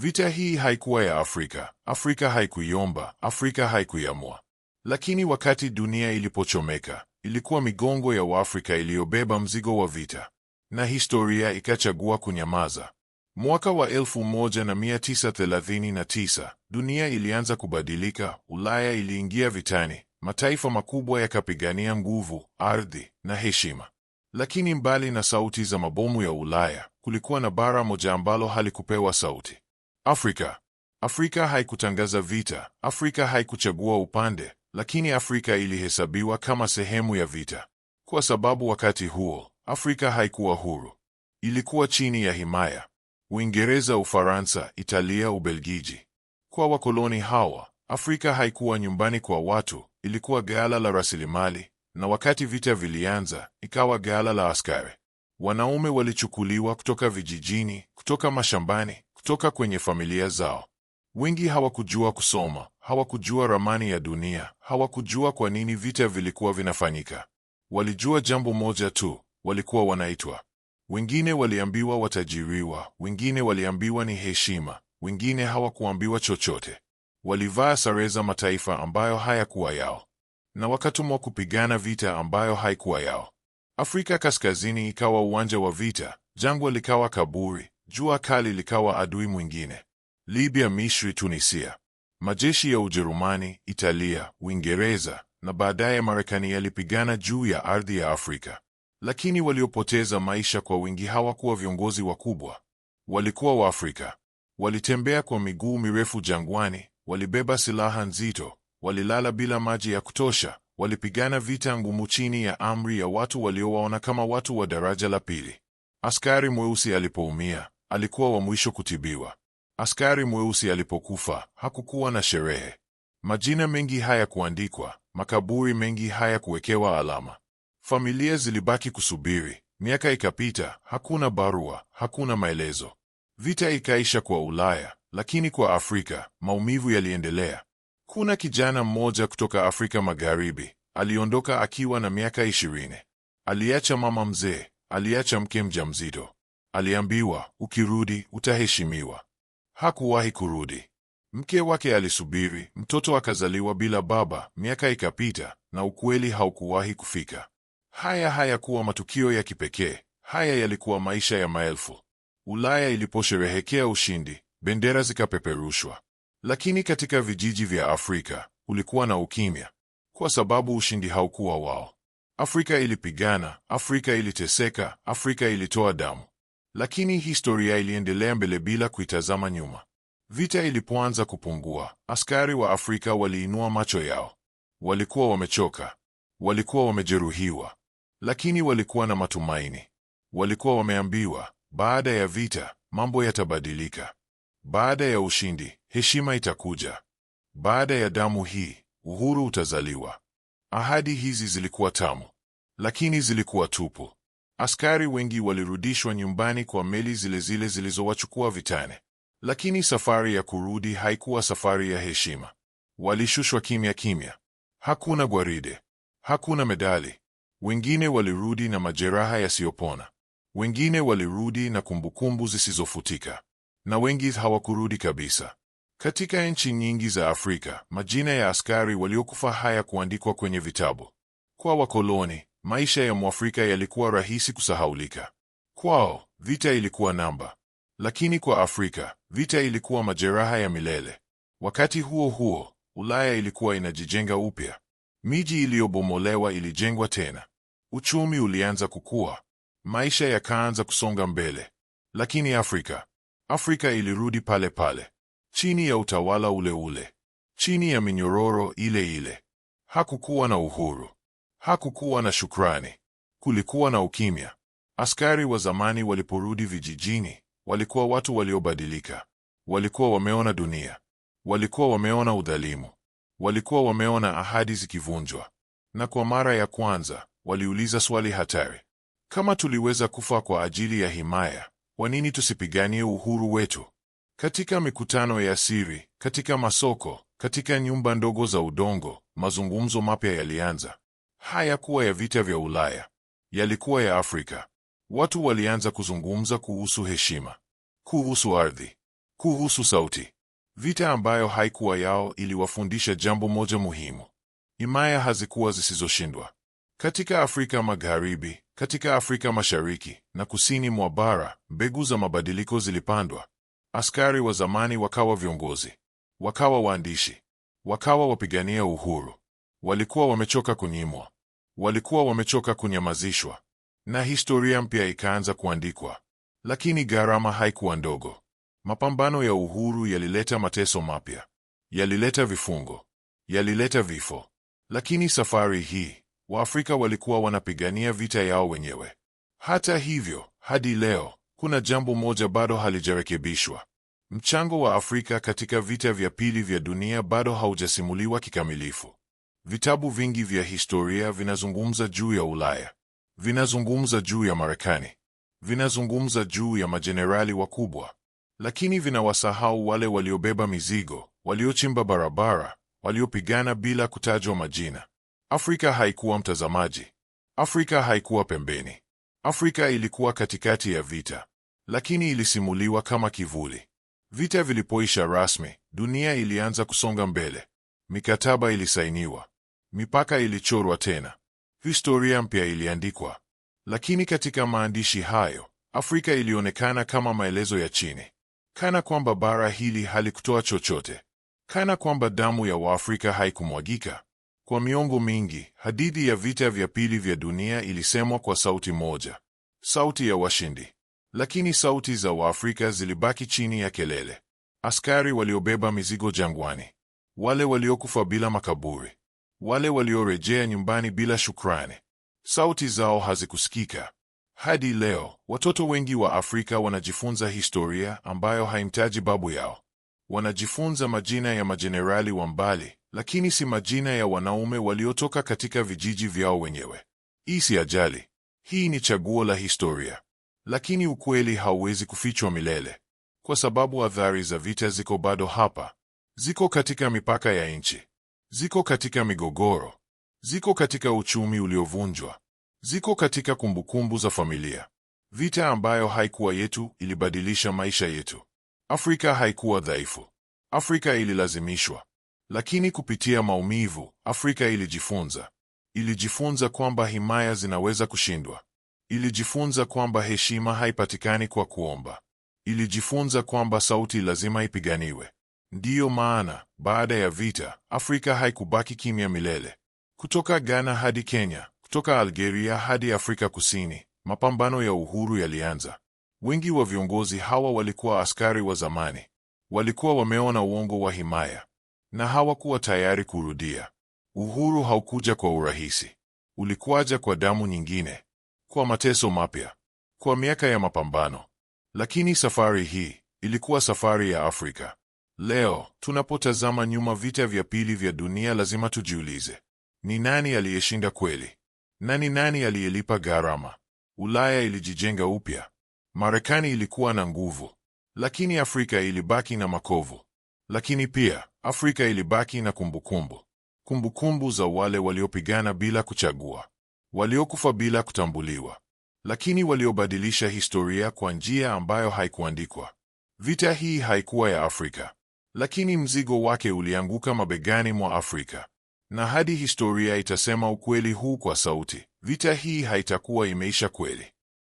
Vita hii haikuwa ya Afrika. Afrika haikuiomba, Afrika haikuiamua. Lakini wakati dunia ilipochomeka, ilikuwa migongo ya Waafrika iliyobeba mzigo wa vita, na historia ikachagua kunyamaza. Mwaka wa 1939 dunia ilianza kubadilika. Ulaya iliingia vitani, mataifa makubwa yakapigania nguvu, ardhi na heshima. Lakini mbali na sauti za mabomu ya Ulaya, kulikuwa na bara moja ambalo halikupewa sauti. Afrika. Afrika haikutangaza vita, Afrika haikuchagua upande, lakini Afrika ilihesabiwa kama sehemu ya vita, kwa sababu wakati huo Afrika haikuwa huru, ilikuwa chini ya himaya Uingereza, Ufaransa, Italia, Ubelgiji. Kwa wakoloni hawa, Afrika haikuwa nyumbani kwa watu, ilikuwa ghala la rasilimali, na wakati vita vilianza, ikawa ghala la askari. Wanaume walichukuliwa kutoka vijijini, kutoka mashambani toka kwenye familia zao. Wengi hawakujua kusoma, hawakujua ramani ya dunia, hawakujua kwa nini vita vilikuwa vinafanyika. Walijua jambo moja tu, walikuwa wanaitwa. Wengine waliambiwa watajiriwa, wengine waliambiwa ni heshima, wengine hawakuambiwa chochote. Walivaa sare za mataifa ambayo hayakuwa yao na wakatumwa kupigana vita ambayo haikuwa yao. Afrika Kaskazini ikawa uwanja wa vita, jangwa likawa kaburi, Jua kali likawa adui mwingine. Libya, Misri, Tunisia. Majeshi ya Ujerumani, Italia, Uingereza na baadaye Marekani yalipigana juu ya ardhi ya Afrika. Lakini waliopoteza maisha kwa wingi hawakuwa viongozi wakubwa. Walikuwa Waafrika. Walitembea kwa miguu mirefu jangwani, walibeba silaha nzito, walilala bila maji ya kutosha, walipigana vita ngumu chini ya amri ya watu waliowaona kama watu wa daraja la pili. Askari mweusi alipoumia, alikuwa wa mwisho kutibiwa. Askari mweusi alipokufa hakukuwa na sherehe. Majina mengi hayakuandikwa, makaburi mengi hayakuwekewa alama. Familia zilibaki kusubiri. Miaka ikapita, hakuna barua, hakuna maelezo. Vita ikaisha kwa Ulaya, lakini kwa Afrika maumivu yaliendelea. Kuna kijana mmoja kutoka Afrika Magharibi aliondoka akiwa na miaka ishirini. Aliacha mama mzee, aliacha mke mjamzito, Aliambiwa ukirudi utaheshimiwa. Hakuwahi kurudi. Mke wake alisubiri, mtoto akazaliwa bila baba, miaka ikapita na ukweli haukuwahi kufika. Haya hayakuwa matukio ya kipekee, haya yalikuwa maisha ya maelfu. Ulaya iliposherehekea ushindi, bendera zikapeperushwa, lakini katika vijiji vya Afrika ulikuwa na ukimya, kwa sababu ushindi haukuwa wao. Afrika ilipigana, Afrika iliteseka, Afrika ilitoa damu. Lakini historia iliendelea mbele bila kuitazama nyuma. Vita ilipoanza kupungua, askari wa Afrika waliinua macho yao. Walikuwa wamechoka, walikuwa wamejeruhiwa, lakini walikuwa na matumaini. Walikuwa wameambiwa baada ya vita mambo yatabadilika, baada ya ushindi heshima itakuja, baada ya damu hii uhuru utazaliwa. Ahadi hizi zilikuwa tamu, lakini zilikuwa tupu. Askari wengi walirudishwa nyumbani kwa meli zile zile zilizowachukua vitani, lakini safari ya kurudi haikuwa safari ya heshima. Walishushwa kimya kimya. Hakuna gwaride, hakuna medali. Wengine walirudi na majeraha yasiyopona, wengine walirudi na kumbukumbu zisizofutika, na wengi hawakurudi kabisa. Katika nchi nyingi za Afrika, majina ya askari waliokufa hayakuandikwa kwenye vitabu. Kwa wakoloni maisha ya Mwafrika yalikuwa rahisi kusahaulika. Kwao vita ilikuwa namba, lakini kwa Afrika vita ilikuwa majeraha ya milele. Wakati huo huo, Ulaya ilikuwa inajijenga upya. Miji iliyobomolewa ilijengwa tena, uchumi ulianza kukua, maisha yakaanza kusonga mbele. Lakini Afrika, Afrika ilirudi pale pale, chini ya utawala ule ule, chini ya minyororo ile ile. Hakukuwa na uhuru, Hakukuwa na shukrani, kulikuwa na ukimya. Askari wa zamani waliporudi vijijini, walikuwa watu waliobadilika. Walikuwa wameona dunia, walikuwa wameona udhalimu, walikuwa wameona ahadi zikivunjwa, na kwa mara ya kwanza waliuliza swali hatari: kama tuliweza kufa kwa ajili ya himaya, kwa nini tusipiganie uhuru wetu? Katika mikutano ya siri, katika masoko, katika nyumba ndogo za udongo, mazungumzo mapya yalianza hayakuwa ya vita vya Ulaya, yalikuwa ya Afrika. Watu walianza kuzungumza kuhusu heshima, kuhusu ardhi, kuhusu sauti. Vita ambayo haikuwa yao iliwafundisha jambo moja muhimu: himaya hazikuwa zisizoshindwa. Katika Afrika Magharibi, katika Afrika Mashariki na kusini mwa bara, mbegu za mabadiliko zilipandwa. Askari wa zamani wakawa viongozi, wakawa waandishi, wakawa wapigania uhuru. Walikuwa wamechoka kunyimwa, walikuwa wamechoka kunyamazishwa, na historia mpya ikaanza kuandikwa. Lakini gharama haikuwa ndogo. Mapambano ya uhuru yalileta mateso mapya, yalileta vifungo, yalileta vifo. Lakini safari hii Waafrika walikuwa wanapigania vita yao wenyewe. Hata hivyo, hadi leo kuna jambo moja bado halijarekebishwa. Mchango wa Afrika katika vita vya pili vya dunia bado haujasimuliwa kikamilifu. Vitabu vingi vya historia vinazungumza juu ya Ulaya, vinazungumza juu ya Marekani, vinazungumza juu ya majenerali wakubwa, lakini vinawasahau wale waliobeba mizigo, waliochimba barabara, waliopigana bila kutajwa majina. Afrika haikuwa mtazamaji, Afrika haikuwa pembeni, Afrika ilikuwa katikati ya vita, lakini ilisimuliwa kama kivuli. Vita vilipoisha rasmi, dunia ilianza kusonga mbele, mikataba ilisainiwa, Mipaka ilichorwa tena, historia mpya iliandikwa. Lakini katika maandishi hayo, Afrika ilionekana kama maelezo ya chini, kana kwamba bara hili halikutoa chochote, kana kwamba damu ya Waafrika haikumwagika. Kwa miongo mingi, hadithi ya vita vya pili vya dunia ilisemwa kwa sauti moja, sauti ya washindi. Lakini sauti za Waafrika zilibaki chini ya kelele: askari waliobeba mizigo jangwani, wale waliokufa bila makaburi wale waliorejea nyumbani bila shukrani. Sauti zao hazikusikika hadi leo. Watoto wengi wa Afrika wanajifunza historia ambayo haimtaji babu yao. Wanajifunza majina ya majenerali wa mbali, lakini si majina ya wanaume waliotoka katika vijiji vyao wenyewe. Hii si ajali, hii ni chaguo la historia. Lakini ukweli hauwezi kufichwa milele, kwa sababu athari za vita ziko bado hapa, ziko katika mipaka ya nchi ziko katika migogoro, ziko katika uchumi uliovunjwa, ziko katika kumbukumbu za familia. Vita ambayo haikuwa yetu ilibadilisha maisha yetu. Afrika haikuwa dhaifu, Afrika ililazimishwa. Lakini kupitia maumivu, Afrika ilijifunza. Ilijifunza kwamba himaya zinaweza kushindwa. Ilijifunza kwamba heshima haipatikani kwa kuomba. Ilijifunza kwamba sauti lazima ipiganiwe. Ndiyo maana baada ya vita Afrika haikubaki kimya milele. Kutoka Ghana hadi Kenya, kutoka Algeria hadi Afrika Kusini, mapambano ya uhuru yalianza. Wengi wa viongozi hawa walikuwa askari wa zamani, walikuwa wameona uongo wa himaya na hawakuwa tayari kurudia. Uhuru haukuja kwa urahisi, ulikuja kwa damu nyingine, kwa mateso mapya, kwa miaka ya mapambano. Lakini safari hii ilikuwa safari ya Afrika. Leo tunapotazama nyuma vita vya pili vya dunia, lazima tujiulize, ni nani aliyeshinda kweli na ni nani aliyelipa gharama? Ulaya ilijijenga upya, Marekani ilikuwa na nguvu, lakini Afrika ilibaki na makovu. Lakini pia Afrika ilibaki na kumbukumbu, kumbukumbu za wale waliopigana bila kuchagua, waliokufa bila kutambuliwa, lakini waliobadilisha historia kwa njia ambayo haikuandikwa. Vita hii haikuwa ya Afrika, lakini mzigo wake ulianguka mabegani mwa Afrika. Na hadi historia itasema ukweli huu kwa sauti, vita hii haitakuwa imeisha kweli.